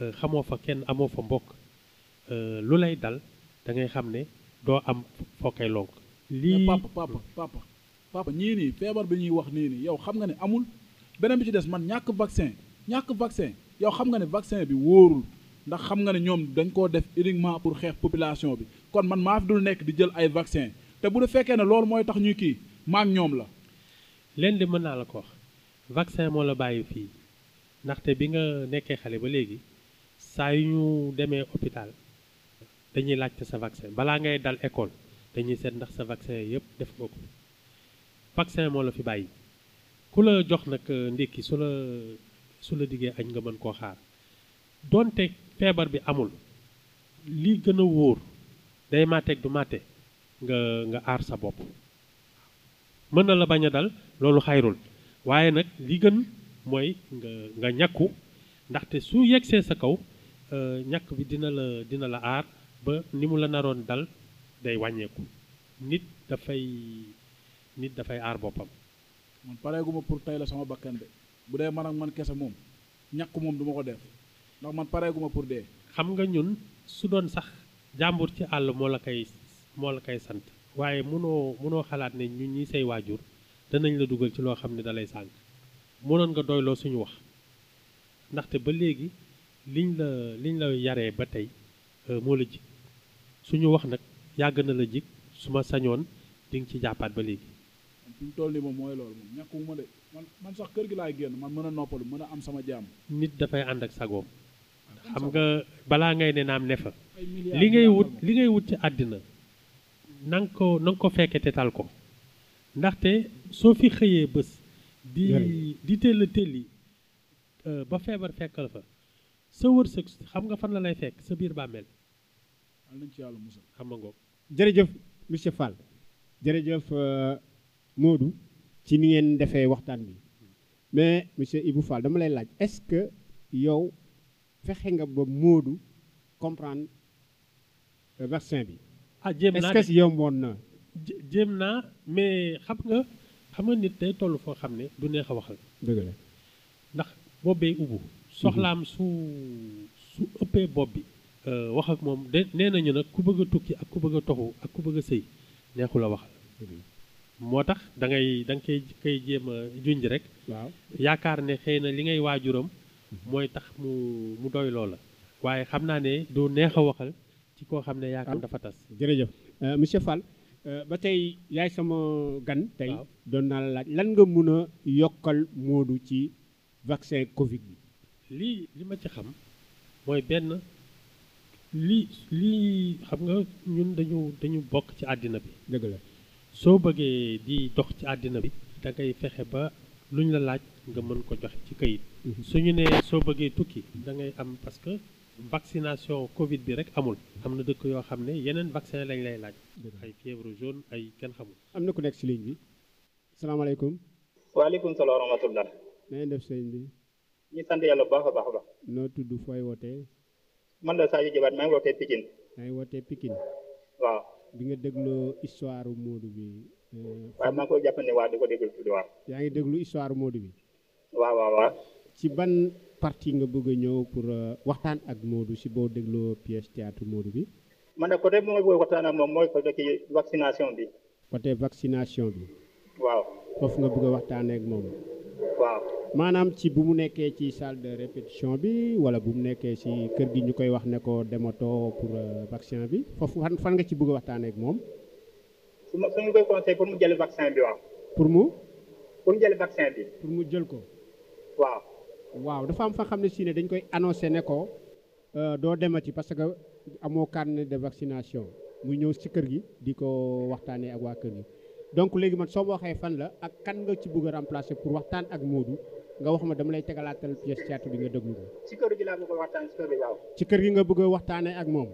euh, xamoo fa kenn amoo fa mbokk euh, lu lay dal dangay xam ne doo am foo koy lonk lii papa papa papa ñii nii feebar bi ñuy wax nii nii yow xam nga ne amul beneen bi ci des man ñàkk vaccin ñàkk vaccin yow xam nga ne vaccin bi wóorul ndax xam nga ne ñoom dañ koo def uniquement pour xeex population bi kon man maa fi dul nekk di jël ay vaccin te bu dee fekkee ne loolu mooy tax ñuy kii maa ñoom la. leen di mën naa la ko wax vaccin moo la bàyyi fii ndaxte bi nga nekkee xale ba léegi saa yu ñu demee hôpital dañuy laajte sa vaccin balaa ngay dal école dañuy seet ndax sa vaccin yëpp def nga ko vaccin moo la fi bàyyi ku la jox nag euh, ndékki su la su la diggee añ nga mën koo xaar donte. feebar bi amul li gën a wóor day màtteeg du màtte nga nga aar sa bopp mën na la bañ a dal loolu xayrul waaye nag li gën mooy nga nga ñàkku ndaxte su yegsee sa kaw euh, ñàkk bi dina la dina la aar ba ni mu la naroon dal day wàññeeku nit dafay nit dafay aar boppam man pareeguma pour tey la sama bakkan de bu dee man ak man kese moom ñàkk moom duma ko def ndax man pareeguma pour dee. xam nga ñun su doon sax jàmbur ci àll moo la koy moo la koy sant waaye mënoo mënoo xalaat ne ñun ñi say waajur danañ la dugal ci loo xam ne dalay sànq mënoon nga doyloo suñu wax ndaxte ba léegi liñ la liñ la yaree ba tey euh, moo la jig suñu wax nag yàgg na la jig su ma sañoon di nga ci jàppaat ba léegi. fi mu toll nii moom mooy loolu moom ñàkkuma de man sax kër gi laay génn man mën a noppalu mën a am sama jàmm. nit dafay ànd ak sagoom xam nga balaa ngay ne naam ne fa li ngay wut li ngay wut ci àddina na ko na ko fekkee te tal ko ndaxte soo fi xëyee bés di di teel a teel euh, ba feebar fekk fa sa wërsëg xam nga fan la lay fekk sa biir bàmmeel xam nga ngoog jërëjëf monsieur Fall jërëjëf euh, Modou ci li ngeen defee waxtaan bi mais monsieur Ibou Fall dama lay laaj est-ce que yow fexe nga ba Modou comprendre vaccin bi. ah jéem naa est yomboon na. jéem naa mais xam nga xam nga nit day toll foo xam ne du neex a waxal. ndax boobee ubbu. soxlaam su su ëppee bopp bi. Euh, wax ak moom de nee nañu nag ku bëgg a tukki ak ku bëgg a toxu ak ku bëgg a sëy neexul a waxal. moo tax da ngay da nga koy koy jéem a junj rek. waaw yaakaar ne xëy na li ngay waajuram. Mm-hmm. mooy tax mu mu doy la waaye xam naa ne du neex a waxal ci koo xam ne yaakaar dafa tas. jërëjëf euh, monsieur Fall euh, ba tey yaay sama gan. tey doon naa la laaj lan nga mun a yokkal Modou ci vaccin Covid bi. lii li ma ci xam mooy benn lii lii xam nga ñun dañu dañu bokk ci àddina bi. dëgg la soo bëggee di dox ci àddina bi. da ngay fexe ba luñ la laaj nga mën ko joxe ci kayit. su mhm. suñu ne soo bëggee tukki da ngay am parce que vaccination Covid bi rek amul am na dëkk yoo xam ne yeneen vaccin lañ lay laaj. ay fièvre jaune ay kenn xamul. am na ku nekk si ligne bi salaamaaleykum. waaleykum salaam wa rahmatullah. na def sëñ bi. ñu sant yàlla a baax a baax. noo tudd fooy wootee. man la Sadio Diabat maa ngi wootee Pikine. maa wootee Pikine. waaw. bi nga dégloo histoire Modou bi. Euh, waaw maa ngi koy jàpp waa di ko déglu tuuti waaw. yaa ngi déglu histoire Modou bi. waaw waaw waaw. ci ban partie nga bëgg a ñëw pour euh, waxtaan ak moodu si boo dégloo pièce théâtre Modou bi. man nag côté bi ma bëgg waxtaan moom mooy côté ci vaccination bi. côté vaccination bi. waaw foofu nga bëgg a waxtaanee ak moom. waaw maanaam ci bu mu nekkee ci salle de répétition bi wala bu mu nekkee si kër gi ñu koy wax ne ko dematoo pour euh, vaccin bi foofu fan fan nga ci bugg a ak moom. su ma su koy conseillé pour mu jël vaccin pour mu. pour mu jël ko. waaw. waaw dafa am fa xam ne si dañu koy annoncé ne ko euh, doo demati parce que amoo carnet de vaccination muy ñëw si kër gi di ko waxtaanee ak waa kër gi. donc léegi man soo ma waxee fan la ak kan nga ci bëgg a pour waxtaan ak Modou nga wax ma dama lay tegalaatal pièce théâtre bi nga déglu ko. ci kër gi laa kër gi nga bëgg waxtaanee ak moom.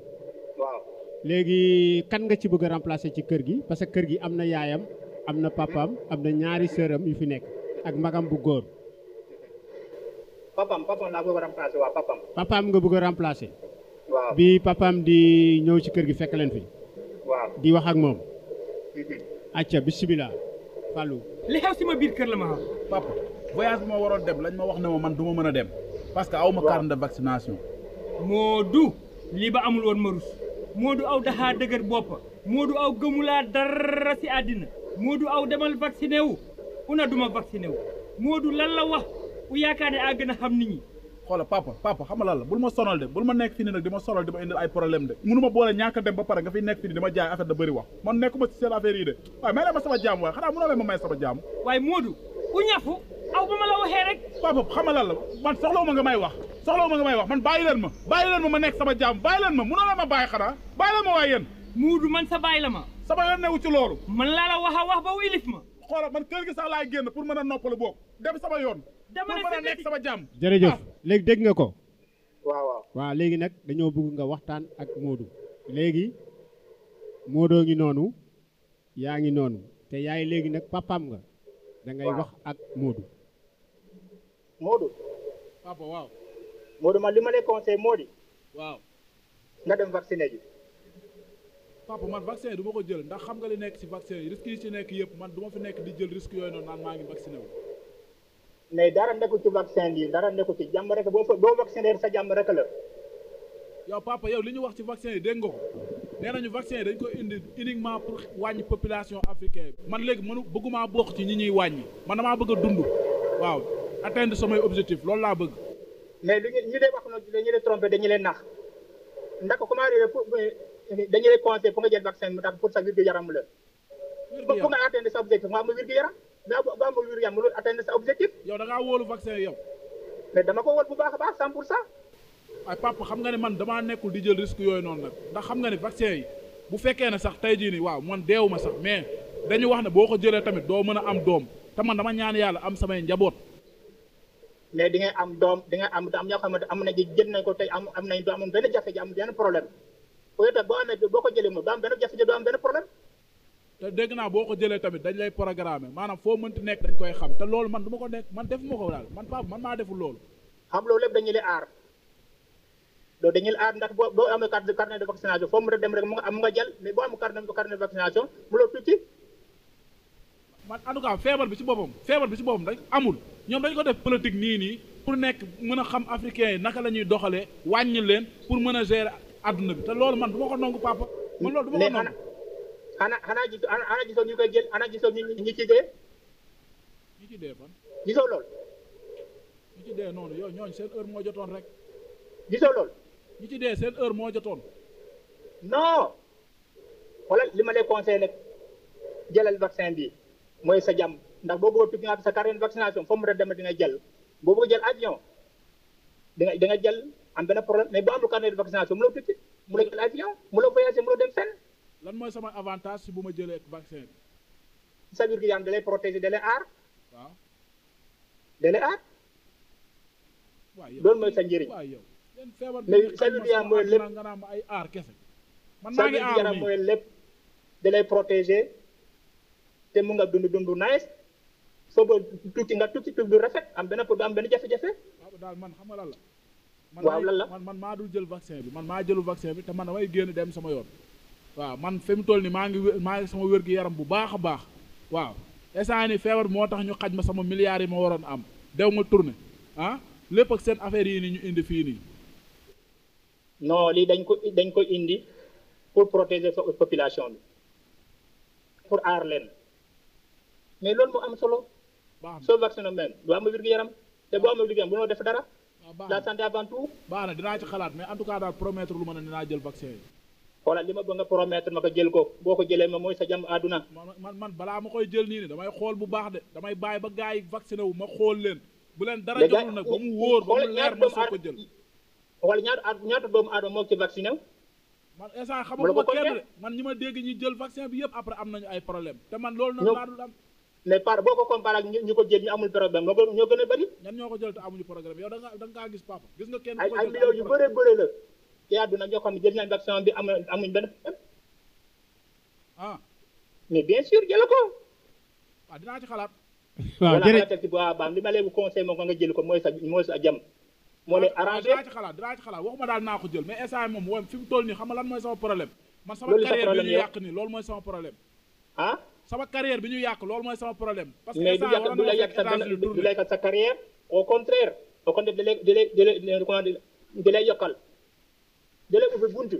léegi kan nga ci bëgg a ci kër gi parce que kër gi am na yaayam am na papaam am na ñaari sëram yu fi nekk ak magam bu góor. papam papam laa bëgg a papam. nga bëgg a bi papaam di ñëw ci kër gi fekk leen fi. waaw di wax ak moom. Mhm. acca bi Fallou. li xew si ma biir kër la ma xam. papa voyage ma waroon dem lañ ma wax ne ma man du ma mën a dem. parce que aw ma carte de vaccination. Moodu lii ba amul woon ma rus Moodu aw daxaa dëgër boppa Moodu aw gëmulaa dara si àddina Moodu aw demal vacciné wu una duma vacciné wu Moodu lan la wax. ku yaakaar ne àgg na xam nit ñi xoola papa papa xam nga lan la bul ma sonal de bul ma nekk fii nii nag di ma sonal di ma indil ay problème de mënu boole ñàkk dem ba pare nga fi nekk fii nii di ma jaay affaire da bëri wax man nekkuma ci seen affaire yi de waaye may leen ma sama jaam waaye xanaa mënoo leen ma may sama jaam waaye Modou ku ñafu aw ba ma la waxee rek papa xam nga lan la man soxlawu ma nga may wax soxlawu ma nga may wax man bàyyi leen ma bàyyi leen ma ma nekk sama jaam bàyyi leen ma mënoo leen ma bàyyi xanaa man sa bàyyi la ma sama yoon newu ci loolu man laa la wax a wax ba wilif xoola man kër gi sax laay génn pour mën a noppal boobu dem sama yoon dama mën a nekk sama jàmm. jërëjëf ah. léegi dégg nga ko. waaw waaw waaw léegi nag dañoo bëgg nga waxtaan ak Modou. léegi Modou ngi noonu yaa ngi noonu te yaay léegi nag papaam nga. dangay ngay wax ak Modou. Modou. papa waaw. Modou man li ma lay conseil Modou. waaw. nga dem vacciné ji. papa man vaccin du ma ko jël ndax xam nga li nekk ci vaccin yi risque yi ci nekk yëpp man du ma fi nekk di jël risque yooyu noonu naan maa ngi vacciné mais dara nekkul ci vaccin bi dara nekkul ci jàmm rek boo fa boo vacciné sa jàmm rek la. yow papa yow li ñu wax ci vaccin yi dégg nga ko nee nañu vaccin yi dañ ko indi uniquement pour wàññi population africaine bi. man léegi mënu bëgguma bokk ci ñi ñuy wàññi man damaa bëgg a dund waaw atteindre samay objectif loolu laa bëgg. mais li ñu ñu dee wax noonu dañu leen trompé dañu leen nax ndax comment dire pour dañu leen conseillé pour nga jël vaccin bi mu tax pour sa wér gu yaram la. wér gu yaram pour nga atteindre sa naa ko ba amul wér yàlla loolu atteindre sa objectif. yow da ngaa wóolu vaccin yow. mais dama ko wóol bu baax a baax 100 pour xam nga ne man damaa nekkul di jël risque yooyu noonu la ndax xam nga ne vaccin yi bu fekkee ne sax tey jii nii waaw man deewu ma sax mais dañu wax ne boo ko jëlee tamit doo mën a am doom te man dama ñaan yàlla am samay njaboot. mais di nga am doom di nga am am ñoo xamante am nañu jël nañ ko tey am am nañ doo am benn jafe-jafe am benn problème peut-être boo ko jëlee moom doo am benn jafe-jafe doo am benn problème. te dégg naa boo ko jëlee tamit dañ lay programmer maanaam foo mënti nekk dañ koy xam te loolu man du ma ko nekk man defuma ko daal man Pape man maa deful loolu. xam loolu lépp dañu lay aar loolu dañu lay aar ndax boo boo amee carte carnet de vaccination foo mën a dem rek mu nga am nga jël mais boo amul carnet de vaccination mu la tuuti. man en tout cas feebar bi ci boppam feebar bi ci boppam dañ amul ñoom dañ ko def politique nii nii pour nekk mën a xam africain yi naka la ñuy doxalee wàññi leen pour mën a gérer adduna bi te loolu man du ma ko nangu papa. man loolu du ma ko nangu ana xanaa gis ana gisoo ñu koy ñu ñi ci dee. ñi ci dee fan. gisoo lool. ñi ci dee noonu yow ñooñu seen heure moo jotoon rek. soo lool. ñi ci dee seen heure moo jotoon. non. wala li ma lay conseillé nag jëlal vaccin bi mooy sa jàmm ndax boo bëggoon tukki nga sa carte vaccination foo mu a demee di nga jël boo bëgg jël avion di nga di nga jël am benn problème mais boo amul carte vaccination mu la tukki mu la jël avion mu la voyagé mu la dem fenn. lan mooy sama avantage si bu ma jëlee vaccin bi. sa wér gu yaram da lay protéger da lay aar. waaw. da lay aar. waaw loolu mooy sa njëriñ. waaw yow yéen feebar bi mais sa wér gu yaram mooy lépp nga naan ay aar kese. man maa ngi aar mooy lépp da lay protéger te mu nga dund dund nice soo ko tukki nga tukki tukki du rafet am benn pour am benn jafe-jafe. waaw daal man xam nga lan la. waaw lan la man man maa dul jël vaccin bi man maa jëlu vaccin bi te man damay génn dem sama yoon. waaw man fi mu toll nii maa ngi maa ngi sama wér-gu-yaram bu baax a baax waaw instant ni feebar moo tax ñu xaj ma sama milliards yi ma waroon am dew ma tourné ah lépp ak seen affaire yi ni ñu indi fii nii. non lii dañ ko dañ ko indi pour protéger sa population bi pour aar leen mais loolu moo am solo. baax na soo oo mel du am wér-gu-yaram te boo am wér gu bu noo def dara. Ah, la santé avant tout. baax na dinaa ci xalaat mais en daal promettre lu ma ne dinaa jël vaccin yi. xoolal li ma bëgg nga promettre ma ko jël ko boo ko jëlee ma mooy sa jàmm àdduna. man man balaa ma koy jël nii nii damay xool bu baax de damay bàyyi ba gars yi vacciné wu ma xool leen. bu leen dara jotul nag ba mu wóor ba mu leer ma soo ko jël. xool ñaata ñaata doomu aadama moo ci vacciné wu. man instant xamu ko kenn de man ñi ma dégg ñi jël vaccin bi yëpp après am nañu ay problème te man loolu noonu laa dul am. mais par boo ko comparé ñu ko jël ñu amul problème ñoo gën a bëri. ñan ñoo ko jël te amuñu programme yow da nga ci àdduna ñoo xam ne jël bi amu amuñ benn ah mais bien sûr jëla ko waaw ah, dinaa ci xalaat waaw jërëjëf teg ci baa baam li ma léegi jël ko mooy sa mooy sa jam moo lay ah, arrangé dinaa ci xalaat dinaa ci waxuma daal naa jël mais instant moom fi mu toll nii xam nga lan mooy sama problème man sama carrière bi ñu yàq nii loolu mooy sama problème ah? ñu yàq loolu mooy sama problème parce que mais du yàq du la yàq sa du la au contraire au lay da lay yokkal dalee ubbi buntu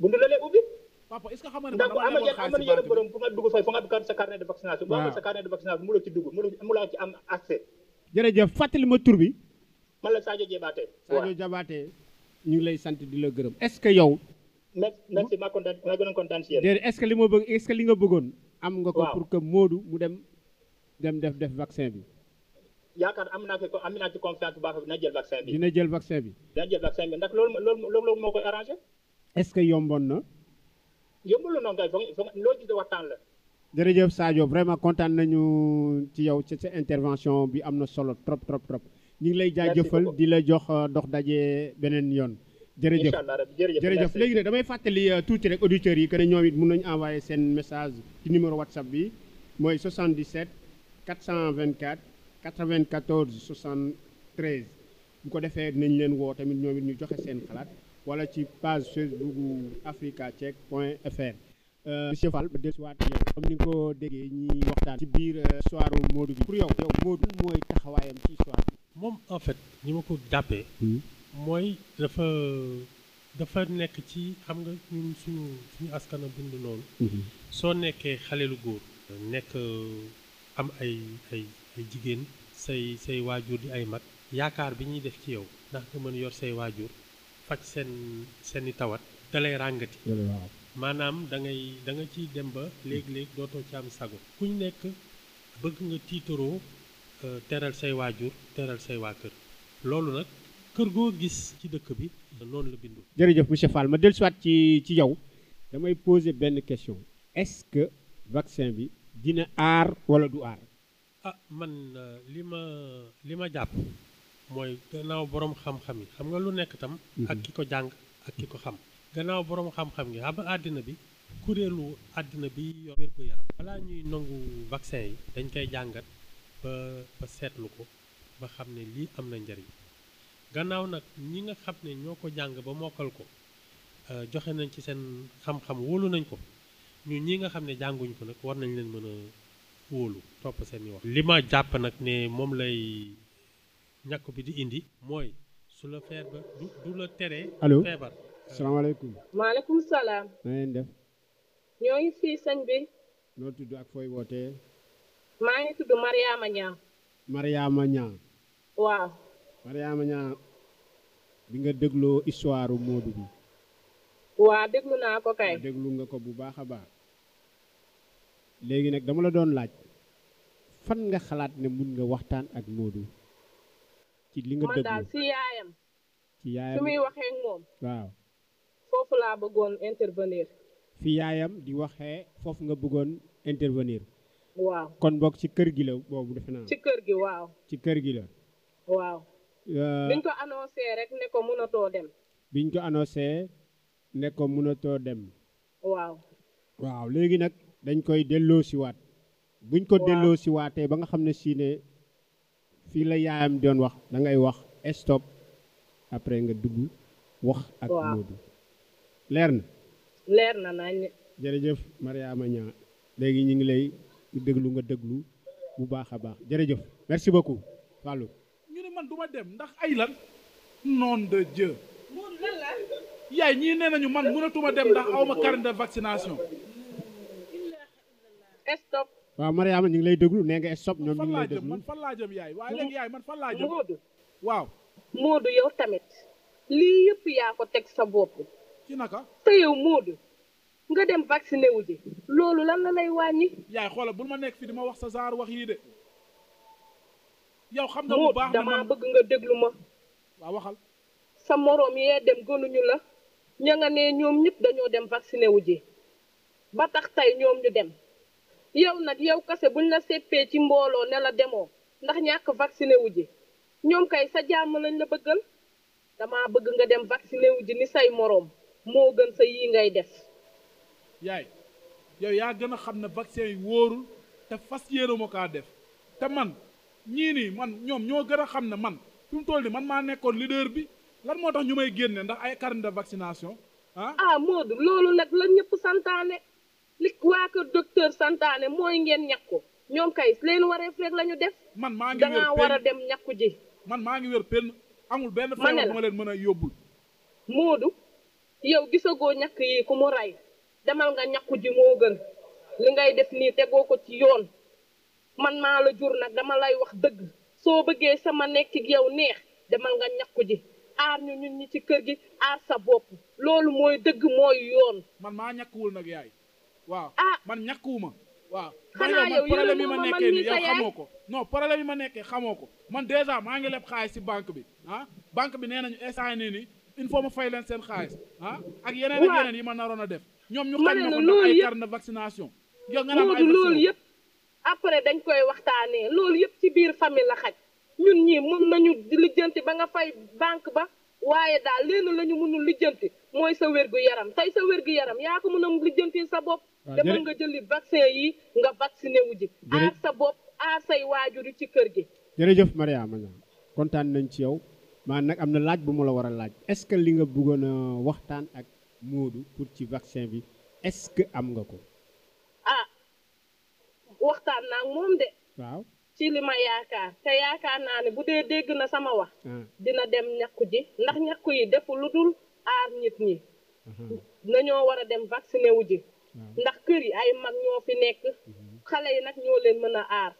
buntu la lee ubbi. papa est-ce que xam nga ne fu nga dugg fay fu nga am sa carnet de vaccination. waaw boo amul sa carnet de vaccination mënuloo ci am accès. jërëjëf fàttali ma tur bi. man la Sadio Diabaté. waaw Sadio Diabaté ñu ngi lay sant di la gërëm est-ce que yow. merci maa si yéen. déedéet est-ce que li ma bëgg est que li nga bëggoon. am nga ko pour que Modou mu dem dem def def vaccin bi. yaakaar am na ko am naa ci confiance bu baax dina jël vaccin bi. dina jël vaccin bi. dina jël vaccin bi ndax loolu loolu loolu moo koy arrangé. est-ce que yomboon na. yombalul loo gis jërëjëf Sadio vraiment kontaan nañu ci yow ci sa intervention bi am na solo trop trop trop. ñu ngi lay jaajëfal di la jox euh, dox daje beneen yoon. jërëjëf jërëjëf léegi ne damay fàttali euh, tuuti rek auditeurs yi que ne ñoom it mun nañu envoyé seen message ci numéro WhatsApp bi mooy 77 424. 94 73 bu ko defee nañ leen woo tamit ñoom it ñu joxe seen xalaat wala ci page Facebook africacheck point fr. Euh, monsieur Fall ba dellusiwaat yow comme ni ko déggee ñuy waxtaan ci biir euh, soir Modou bi pour yow yow Modou mooy taxawaayam ci soir moom en fait ñi ma ko jàppee. Hmm. mooy dafa dafa nekk ci xam nga ñun suñu suñu askana bind noonu. Hmm. soo nekkee xale lu góor. nekk am ay ay jigéen. say say waajur di ay mag yaakaar bi ñuy def ci yow ndax nga mën yor say waajur faj seen seeni tawat da lay ràngati maanaam da ngay da nga ciy dem ba léegi léeg dootoo ci am sago kuñ nekk bëgg nga tiitaroo euh, teral say waajur teral say waa kër loolu nag kër goo gis ci dëkk bi noonu la bindu jërëjëf monsieur Fall ma dellusiwaat ci ci yow damay poser benn question est-ce que vaccin bi dina aar wala du aar ah man euh, li ma li ma jàpp mooy gannaaw boroom xam-xam yi xam nga lu nekk tam. Mhm. ak ki ko jàng ak ki ko xam. gannaaw boroom xam-xam yi xam nga àddina bi kuréelu àddina bi yor wérgu yaram. balaa ñuy nangu vaccin yi. dañ koy jàngat ba seetlu ko ba xam ne lii am na njariñ gannaaw nag ñi nga xam ne ñoo ko jàng ba mokkal ko euh, joxe nañ ci seen xam-xam wóolu nañ ko ñu ñi nga xam ne jànguñ ko nag war nañ leen mën a. wóolu topp seen wax. li ma jàpp nag ne moom lay ñàkk bi di indi. mooy su la feebar du du la teree. allo feebar. salaamaaleykum. maaleykum salaam. na ngeen def. ñoo ngi fii sëñ bi. noo tudd ak fooy wootee. maa ngi tudd Mariama Niang. Mariama Niang. waaw. Mariama Niang bi nga dégloo histoire Modou bi. waa déglu naa ko kay. déglu nga ko bu baax a baax. léegi nag dama la doon laaj fan nga xalaat ne mun nga waxtaan ak Modou. ci li nga dëgg man si yaayam. ci yaayam muy waxee moom. waaw. foofu laa bëggoon intervenir. fi yaayam di waxee foofu nga bëggoon intervenir. waaw kon boog ci kër gi la boobu defe naa. ci kër gi waaw. ci kër gi la. waaw. Euh, biñ ko annoncé rek ne ko mënatoo dem. biñ ko annoncé ne ko mënatoo dem. waaw. waaw léegi nag. dañ koy delloo siwaat buñ ko delloo siwaatee ba nga xam ne si fii la yaayam doon wax dangay wax stop après nga dugg wax ak Modou leer na leer na nañ jërëjëf Mariama Niang léegi ñu ngi lay déglu nga déglu bu baax a baax jërëjëf merci beaucoup Fallou ñu ne man du ma dem ndax ay lan nom de Dieu yaay ñii nee nañu man mënatuma dem ndax awma carte de vaccination stop. waaw Mariama ñu ngi lay déglu nee nga stop ñoom ñu ngi lay déglu man fan laa jëm yaay waaye léegi yaay man fan laa jëm Moodu waaw Moodu yow tamit lii yépp yaa ko teg sa bopp ci naka te yow Moodu nga dem vacciné wu ji loolu lan la lay wàññi yaay xoola bul ma nekk fi di ma wax sa genre wax yii de yow xam na bu baax damaa bëgg nga déglu ma waa waxal sa moroom yee dem gënuñu la ña nga ne ñoom ñëpp dañoo dem vacciné wu ji ba tax tey ñoom ñu dem yow nag yow kase bu buñ la seppee ci mbooloo ne la demoo ndax ñàkk vacciné wu ji ñoom kay sa jàmm lañ la bëggal damaa bëgg nga dem vacciné wu ji ni say moroom moo gën sa yii ngay def. yaay yow yaa gën a xam ne vaccin yi wóorul te fas yéene ma kaa def te man ñii nii man ñoom ñoo gën a xam ne man fi mu toll man maa nekkoon leader bi lan moo tax ñu may génne ndax ay karne de vaccination ah. ah Modou loolu nag la ñëpp santaane. li waa kër docteur santaane mooy ngeen ñàkku ñoom kay leen wareef rek la ñu def. man maa ngi wér dangaa war a dem ñàkku ji. man maa ngi wér penn amul benn feebar bu mën a yóbbul. Moodu yow gisagoo ñàkk yi ku mu rey demal nga ñàkku ji moo gën li ngay def nii tegoo ko ci yoon man maa la jur nag dama lay wax dëgg soo bëggee sama nekk ak yow neex demal nga ñàkku ji aar ñu ñun ñi ci kër gi aar sa bopp loolu mooy dëgg mooy yoon. man maa ñàkkuwul nag yaay. waaw ah. man ñàkkuwuma waaw xanaa yow problème yi ma nekkee nii yow xamoo ko non problème yi ma nekkee xamoo ko man dèjà maa ngi leb xaalis si banque bi ah banque bi nee nañu instant nii nii il faut ma fay leen seen xaalis ah. ak yeneen ak yi ma naroon a def ñoom ñu xañ ma ko ndax ay carte de vaccination yow nga naan ay loolu yëpp après dañ koy waxtaanee loolu yëpp ci biir famille la xaj ñun ñii moom nañu lijjanti ba nga fay banque ba waaye daal leen la ñu mënul lijjanti mooy sa wér gu yaram tey sa wér gu yaram yaa ko mën a sa bopp demal nga jëli vaccin yi nga vacciné wu ji aar sa bopp aar say waajur yi ci kër gi jërëjëf Mariama Niang kontaan nañ ci yow maa nag am na laaj bu ma la war a laaj est-ce que li nga bëggoon a waxtaan ak Modou pour ci vaccin bi est-ce que am nga ko ah waxtaan naa moom de waaw ci li ma yaakaar te yaakaar naa ne bu dee dégg na sama wax ah. dina dem ñakku ji ndax ñakku yi def lu dul aar nit ñi nañoo war a dem vacciné wu ji ndax kër yi ay mag ñoo fi nekk xale yi nag ñoo leen mën a aar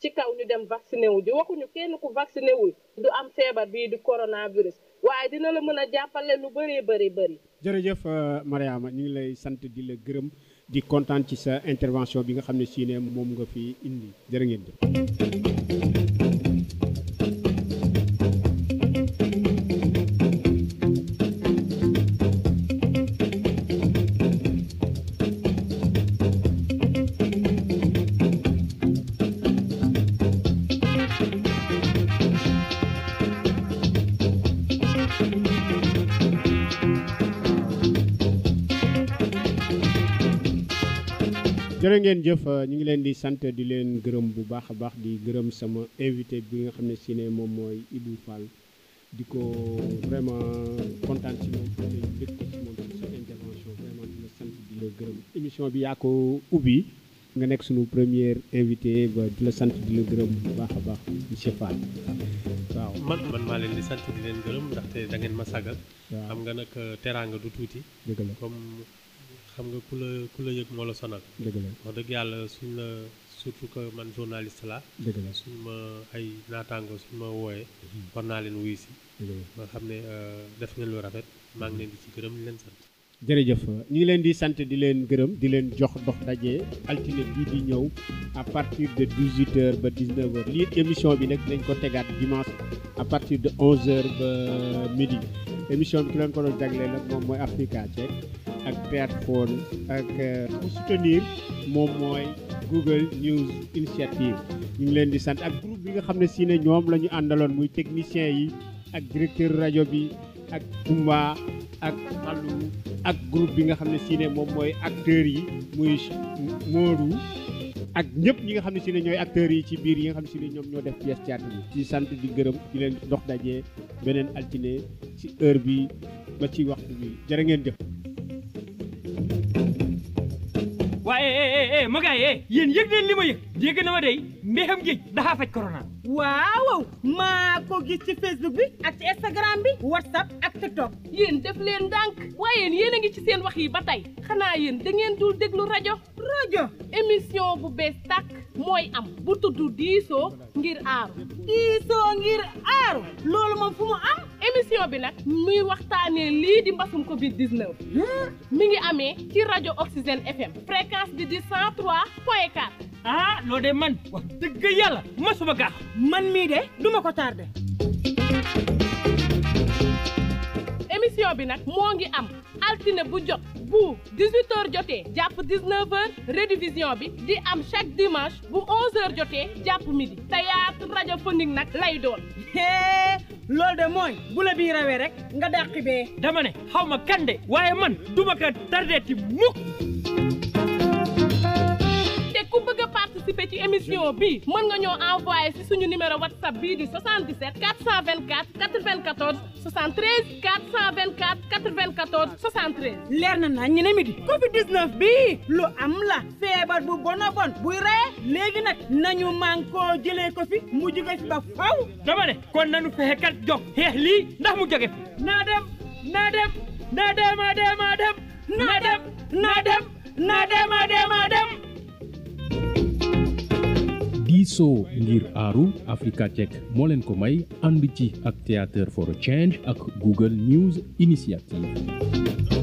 ci kaw ñu dem vacciné wu ji waxuñu kenn ku vacciné wul du am feebar bii di coronavirus waaye dina la mën a jàppale lu bëree bëri bëri. jërëjëf euh, Mariama ñu ngi lay sant di la gërëm di kontaan ci sa intervention bi nga xam ne si ne moom nga fi indi jërë ngeen jërë ngeen jëf euh, ñu ngi leen di sant di leen gërëm bu baax a baax di gërëm sama invité bi nga xam ne si ne moom mooy Ibou di ko vraiment kontaan ci moom la sant di la gërëm émission bi yaa ko ubbi nga nekk sunu première invité ba di la sant di la gërëm bu baax a baax monsieur Fall waaw man man maa leen di sant di leen gërëm ndaxte da ngeen ma sagal. xam nga nag euh, teraanga du tuuti. dëgg xam nga ku la ku la yëg moo la sonal. dëgg la wax dëgg yàlla suñ la surtout que man journaliste laa. dëgg la suñ ma ay naataango suñ ma wooyee. Mhm. war naa leen wuyu si. nga xam ne euh, def ngeen lu rafet maa ngi mhm. leen di ci gërëm di leen sant. jërëjëf ñu ngi leen di sant di leen gërëm di leen jox dox daje altine bii di ñëw a partir de 18 ba 19h lii émission bi nag dinañ ko tegaat dimanche à partir de 11h ba midi émission bi ki leen ko doon jagleel nag moom mooy Africa Check ak plateforme ak ku euh, soutenir moom mooy Google News Initiative ñu ngi leen di sant ak groupe bi nga xam ne si ne ñoom la ñu àndaloon muy technicien yi ak directeur rajo bi ak Tumba. ak wàllu ak groupe bi nga xam ne si moom mooy acteurs yi muy Moodu ak ñëpp ñi nga xam ne si ne ñooy acteurs yi ci biir yi nga xam ne si ne ñoom ñoo def pièce théâtre bi ci sant bi gërëm di leen dox dajee beneen altine ci heure bi ba ci waxtu bi jërë ngeen jëf waaye magaay yéen yëg leen li ma yëg dégg na ma day mbéxam géej daxaa faj corona waaw maa ko gis ci Facebook bi ak ci Instagram bi WhatsApp ak TikTok. yéen def leen ndànk waaye yéen a ngi ci seen wax yi ba tey xanaa yéen da ngeen dul déglu rajo. rajo émission bu bees tàkk mooy am bu tudd diisoo ngir aaru. diisoo ngir aaru. loolu moom fu mu am. émission bi nag muy waxtaanee lii di mbasum Covid mi ngi amee ci rajo Oxygène FM. fréquence bi di 103 point 4. ah loo de man wax dëgg yàlla masuma gaax man mii de duma ko tardé émission bi nag moo ngi am altine bu jot bu 18h jotee jàpp 19h bi di am chaque dimanche bu 11h jotee jàpp midi théâtre radiophonique nag lay doon. loolu de mooy bu la rawee rek nga dàq bee. dama ne xaw ma kan de waaye man duma ko tardé ti mukk. participer ci émission bi mën nga ñoo envoyé si suñu numéro whatsapp bii di 77 424 94 73 424 94 73. leer na naa ñu ne midi Covid 19 lu am la feebar bu bon a bon buy rey nañu man ko fi mu jóge fi ba faw dama ne kon nañu fexe kat jox xeex lii ndax mu jóge fi. naa dem naa dem naa dem naa dem naa dem naa dem naa dem naa dem naa dem. diisoo ngir aaru Africa Tech moo leen ko may ànd ci ak Theatre for a Change ak Google News Initiative